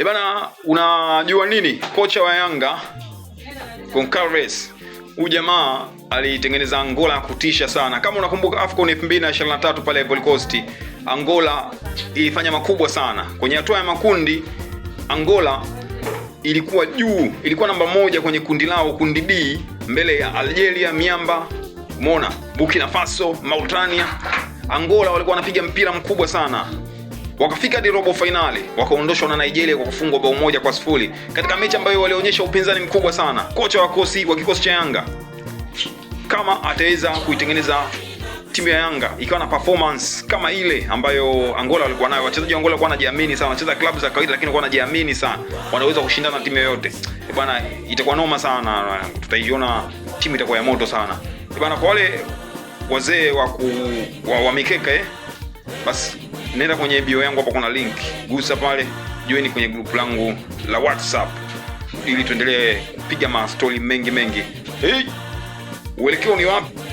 E bana, unajua nini, kocha wa Yanga Goncalves huyu jamaa alitengeneza Angola ya kutisha sana. Kama unakumbuka AFCON 2023 pale Ivory Coast, Angola ilifanya makubwa sana kwenye hatua ya makundi. Angola ilikuwa juu, ilikuwa namba moja kwenye kundi lao, kundi B, mbele ya Algeria, miamba mona Burkina Faso, Mauritania. Angola walikuwa wanapiga mpira mkubwa sana. Wakafika hadi robo fainali wakaondoshwa na Nigeria kwa kufungwa bao moja kwa sifuri katika mechi ambayo walionyesha upinzani mkubwa sana. Kocha wa kosi wa kikosi cha Yanga kama ataweza kuitengeneza timu ya Yanga ikiwa na performance kama ile ambayo Angola walikuwa nayo. Wachezaji wa Angola walikuwa wanajiamini sana, wanacheza klabu za kawaida, lakini walikuwa wanajiamini sana, wanaweza kushindana na timu yoyote eh, bwana. Itakuwa noma sana, tutaiona timu itakuwa ya moto sana eh, bwana. Kwa wale wazee wa, wa, wa mikeka eh, basi nenda kwenye bio yangu hapo, kuna link, gusa pale, join kwenye group langu la WhatsApp ili tuendelee kupiga mastori mengi mengi. Hey, uelekeo ni wapi?